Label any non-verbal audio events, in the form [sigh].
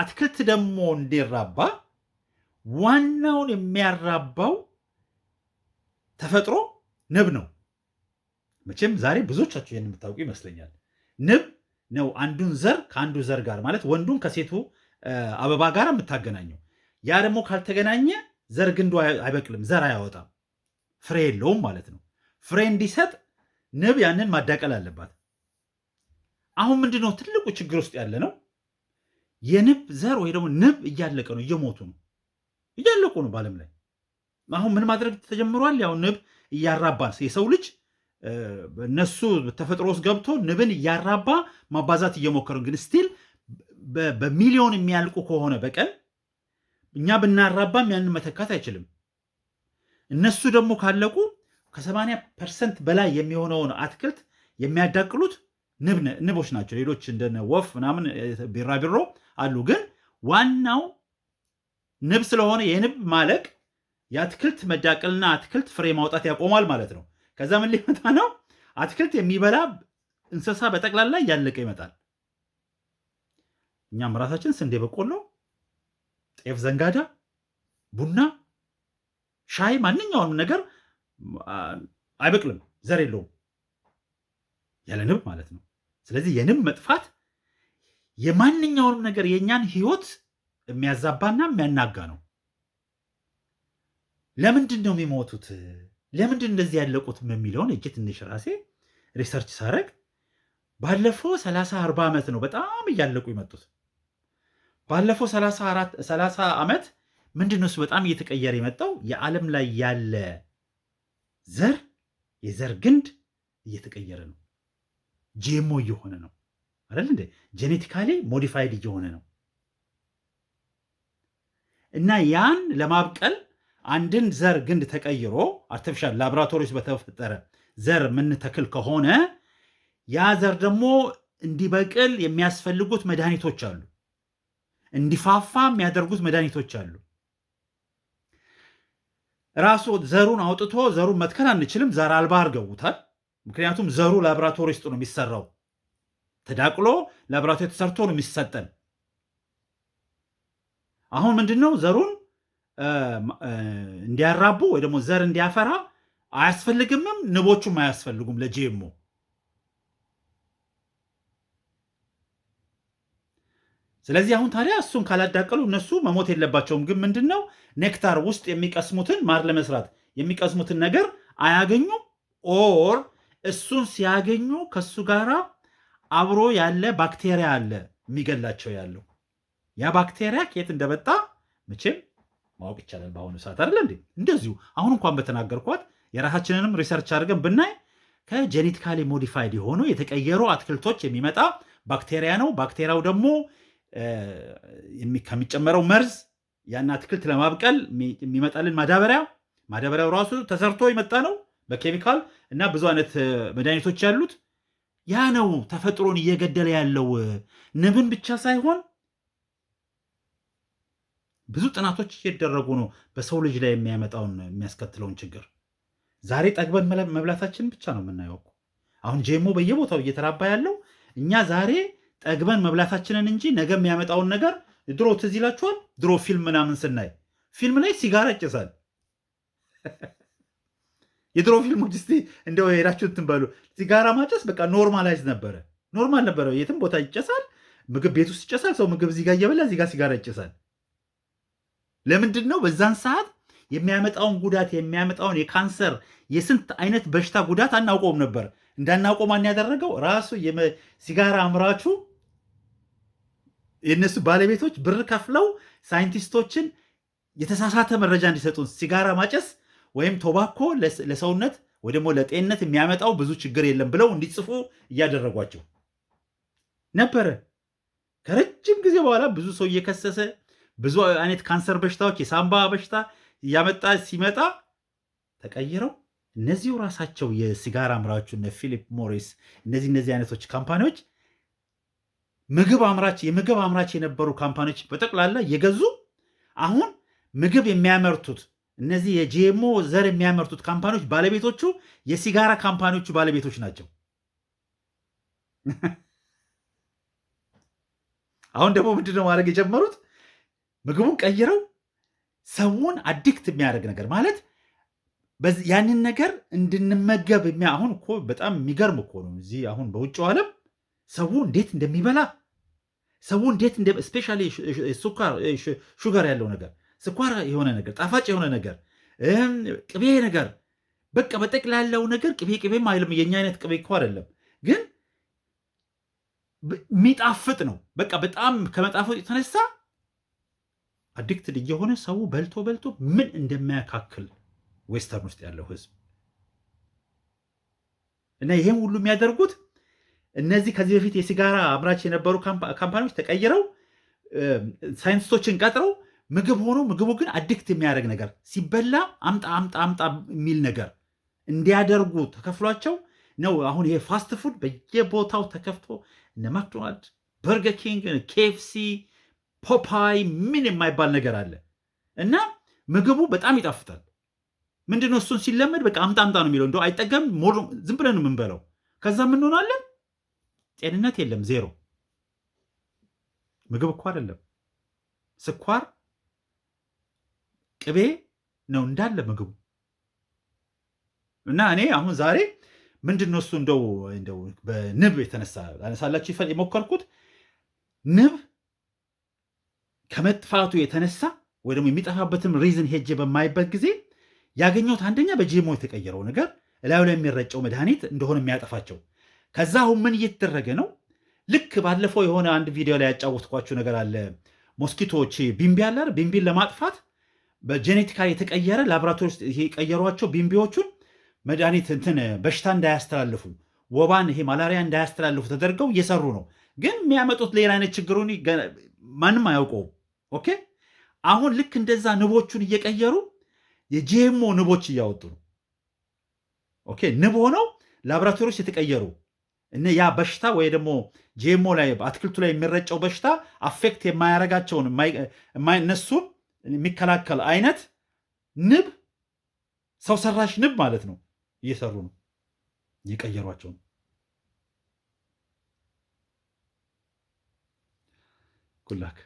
አትክልት ደግሞ እንዲራባ ዋናውን የሚያራባው ተፈጥሮ ንብ ነው። መቼም ዛሬ ብዙዎቻችሁ ይህን የምታውቁ ይመስለኛል። ንብ ነው አንዱን ዘር ከአንዱ ዘር ጋር ማለት ወንዱን ከሴቱ አበባ ጋር የምታገናኘው። ያ ደግሞ ካልተገናኘ ዘር ግንዱ አይበቅልም፣ ዘር አያወጣም፣ ፍሬ የለውም ማለት ነው። ፍሬ እንዲሰጥ ንብ ያንን ማዳቀል አለባት። አሁን ምንድነው ትልቁ ችግር ውስጥ ያለ ነው የንብ ዘር ወይ ደግሞ ንብ እያለቀ ነው፣ እየሞቱ ነው፣ እያለቁ ነው በዓለም ላይ አሁን ምን ማድረግ ተጀምሯል? ያው ንብ እያራባ የሰው ልጅ እነሱ ተፈጥሮ ውስጥ ገብቶ ንብን እያራባ ማባዛት እየሞከሩ ግን ስቲል በሚሊዮን የሚያልቁ ከሆነ በቀን እኛ ብናራባም ያንን መተካት አይችልም። እነሱ ደግሞ ካለቁ ከ80 ፐርሰንት በላይ የሚሆነውን አትክልት የሚያዳቅሉት ንቦች ናቸው። ሌሎች እንደነ ወፍ ምናምን ቢራቢሮ አሉ። ግን ዋናው ንብ ስለሆነ የንብ ማለቅ የአትክልት መዳቀልና አትክልት ፍሬ ማውጣት ያቆማል ማለት ነው። ከዛ ምን ሊመጣ ነው? አትክልት የሚበላ እንስሳ በጠቅላላ እያለቀ ይመጣል። እኛም ራሳችን ስንዴ፣ በቆሎ፣ ጤፍ፣ ዘንጋዳ፣ ቡና፣ ሻይ፣ ማንኛውንም ነገር አይበቅልም፣ ዘር የለውም ያለ ንብ ማለት ነው። ስለዚህ የንብ መጥፋት የማንኛውንም ነገር የእኛን ህይወት የሚያዛባና የሚያናጋ ነው። ለምንድን ነው የሚሞቱት? ለምንድን እንደዚህ ያለቁት የሚለውን እጅ ትንሽ ራሴ ሪሰርች ሳረግ ባለፈው 30 40 ዓመት ነው በጣም እያለቁ የመጡት። ባለፈው ሰላሳ ዓመት ምንድን ነው እሱ በጣም እየተቀየረ የመጣው የዓለም ላይ ያለ ዘር የዘር ግንድ እየተቀየረ ነው፣ ጄሞ እየሆነ ነው። አይደል እንዴ? ጄኔቲካሊ ሞዲፋይድ እየሆነ ነው። እና ያን ለማብቀል አንድን ዘር ግንድ ተቀይሮ አርቲፊሻል ላቦራቶሪስ በተፈጠረ ዘር የምንተክል ከሆነ ያ ዘር ደግሞ እንዲበቅል የሚያስፈልጉት መድኃኒቶች አሉ። እንዲፋፋ የሚያደርጉት መድኃኒቶች አሉ። ራሱ ዘሩን አውጥቶ ዘሩን መትከል አንችልም። ዘር አልባ አርገውታል። ምክንያቱም ዘሩ ላቦራቶሪ ውስጥ ነው የሚሰራው። ተዳቅሎ ላብራቶሪ ተሰርቶ ነው የሚሰጠን። አሁን ምንድን ነው ዘሩን እንዲያራቡ ወይ ደግሞ ዘር እንዲያፈራ አያስፈልግምም፣ ንቦቹም አያስፈልጉም ለጂኤሞ። ስለዚህ አሁን ታዲያ እሱን ካላዳቀሉ እነሱ መሞት የለባቸውም። ግን ምንድን ነው ኔክታር ውስጥ የሚቀስሙትን ማር ለመስራት የሚቀስሙትን ነገር አያገኙም። ኦር እሱን ሲያገኙ ከሱ ጋራ አብሮ ያለ ባክቴሪያ አለ የሚገላቸው ያለው ያ ባክቴሪያ ከየት እንደመጣ መቼም ማወቅ ይቻላል። በአሁኑ ሰዓት አይደለ እንዴ? እንደዚሁ አሁን እንኳን በተናገርኳት የራሳችንንም ሪሰርች አድርገን ብናይ ከጄኔቲካሊ ሞዲፋይድ የሆኑ የተቀየሩ አትክልቶች የሚመጣ ባክቴሪያ ነው። ባክቴሪያው ደግሞ ከሚጨመረው መርዝ ያን አትክልት ለማብቀል የሚመጣልን ማዳበሪያ ማዳበሪያው ራሱ ተሰርቶ የመጣ ነው በኬሚካል እና ብዙ አይነት መድኃኒቶች ያሉት ያ ነው ተፈጥሮን እየገደለ ያለው ንብን ብቻ ሳይሆን ብዙ ጥናቶች እየደረጉ ነው በሰው ልጅ ላይ የሚያመጣውን የሚያስከትለውን ችግር። ዛሬ ጠግበን መብላታችን ብቻ ነው የምናየው። አሁን ጄሞ በየቦታው እየተራባ ያለው እኛ ዛሬ ጠግበን መብላታችንን እንጂ ነገ የሚያመጣውን ነገር ድሮ ትዝ ይላችኋል። ድሮ ፊልም ምናምን ስናይ ፊልም ላይ ሲጋራ ይጨሳል። የድሮ ፊልሞች ስ እንደው ሄዳችሁ ትንበሉ በሉ። ሲጋራ ማጨስ በቃ ኖርማላይዝ ነበረ፣ ኖርማል ነበረ። የትም ቦታ ይጨሳል፣ ምግብ ቤት ውስጥ ይጨሳል። ሰው ምግብ እዚጋ እየበላ እዚጋ ሲጋራ ይጨሳል። ለምንድን ነው በዛን ሰዓት የሚያመጣውን ጉዳት የሚያመጣውን የካንሰር የስንት አይነት በሽታ ጉዳት አናውቀውም ነበር። እንዳናውቀው ማን ያደረገው? ራሱ ሲጋራ አምራቹ የእነሱ ባለቤቶች ብር ከፍለው ሳይንቲስቶችን የተሳሳተ መረጃ እንዲሰጡን ሲጋራ ማጨስ ወይም ቶባኮ ለሰውነት ወይ ደግሞ ለጤንነት የሚያመጣው ብዙ ችግር የለም ብለው እንዲጽፉ እያደረጓቸው ነበረ። ከረጅም ጊዜ በኋላ ብዙ ሰው እየከሰሰ ብዙ አይነት ካንሰር በሽታዎች፣ የሳምባ በሽታ እያመጣ ሲመጣ ተቀይረው እነዚሁ ራሳቸው የሲጋራ አምራቹ ፊሊፕ ሞሪስ እነዚህ እነዚህ አይነቶች ካምፓኒዎች ምግብ አምራች የምግብ አምራች የነበሩ ካምፓኒዎች በጠቅላላ እየገዙ አሁን ምግብ የሚያመርቱት እነዚህ የጂኤምኦ ዘር የሚያመርቱት ካምፓኒዎች ባለቤቶቹ የሲጋራ ካምፓኒዎቹ ባለቤቶች ናቸው። [laughs] አሁን ደግሞ ምንድን ነው ማድረግ የጀመሩት? ምግቡን ቀይረው ሰውን አዲክት የሚያደርግ ነገር ማለት ያንን ነገር እንድንመገብ የሚያ አሁን እኮ በጣም የሚገርም እኮ ነው። እዚህ አሁን በውጭው ዓለም ሰው እንዴት እንደሚበላ ሰው እንዴት ሹጋር ያለው ነገር ስኳር የሆነ ነገር፣ ጣፋጭ የሆነ ነገር፣ ቅቤ ነገር፣ በቃ በጠቅላላው ነገር ቅቤ ቅቤም አይልም። የኛ አይነት ቅቤ እኮ አይደለም፣ ግን የሚጣፍጥ ነው። በቃ በጣም ከመጣፈጡ የተነሳ አዲክትድ እየሆነ ሰው በልቶ በልቶ ምን እንደሚያካክል ዌስተርን ውስጥ ያለው ህዝብ እና ይህም ሁሉ የሚያደርጉት እነዚህ ከዚህ በፊት የሲጋራ አምራች የነበሩ ካምፓኒዎች ተቀይረው ሳይንቲስቶችን ቀጥረው ምግብ ሆኖ ምግቡ ግን አዲክት የሚያደርግ ነገር ሲበላ አምጣ አምጣ አምጣ የሚል ነገር እንዲያደርጉ ተከፍሏቸው ነው። አሁን ይሄ ፋስት ፉድ በየቦታው ተከፍቶ እነ ማክዶናልድ፣ በርገር ኪንግ፣ ኬኤፍሲ፣ ፖፓይ ምን የማይባል ነገር አለ እና ምግቡ በጣም ይጣፍጣል። ምንድነው እሱን ሲለመድ በቃ አምጣ አምጣ ነው የሚለው። እንደው አይጠገም ዝም ብለን የምንበለው ከዛ ምንሆናለን? ጤንነት የለም ዜሮ። ምግብ እኮ አይደለም ስኳር ቅቤ ነው እንዳለ ምግቡ እና እኔ አሁን ዛሬ ምንድን ነው እሱ እንደው እንደው በንብ የተነሳ አነሳላችሁ የሞከርኩት ንብ ከመጥፋቱ የተነሳ ወይ ደግሞ የሚጠፋበትም ሪዝን ሄጄ በማይበት ጊዜ ያገኘሁት አንደኛ በጂሞ የተቀየረው ነገር እላዩ ላይ የሚረጨው መድኃኒት እንደሆነ የሚያጠፋቸው። ከዛ አሁን ምን እየተደረገ ነው? ልክ ባለፈው የሆነ አንድ ቪዲዮ ላይ ያጫወትኳችሁ ነገር አለ። ሞስኪቶዎች ቢምቢ አለ፣ ቢምቢን ለማጥፋት በጄኔቲካ የተቀየረ ላቦራቶሪ ውስጥ የቀየሯቸው ቢምቢዎቹን መድኃኒት እንትን በሽታ እንዳያስተላልፉ ወባን ይሄ ማላሪያ እንዳያስተላልፉ ተደርገው እየሰሩ ነው። ግን የሚያመጡት ሌላ አይነት ችግሩን ማንም አያውቀውም። ኦኬ አሁን ልክ እንደዛ ንቦቹን እየቀየሩ የጂኤሞ ንቦች እያወጡ ነው። ኦኬ ንብ ሆነው ላቦራቶሪ ውስጥ የተቀየሩ እነ ያ በሽታ ወይ ደግሞ ጂኤሞ ላይ አትክልቱ ላይ የሚረጨው በሽታ አፌክት የማያረጋቸውን እነሱን የሚከላከል አይነት ንብ ሰው ሰራሽ ንብ ማለት ነው እየሰሩ ነው እየቀየሯቸው ነው። ጉላክ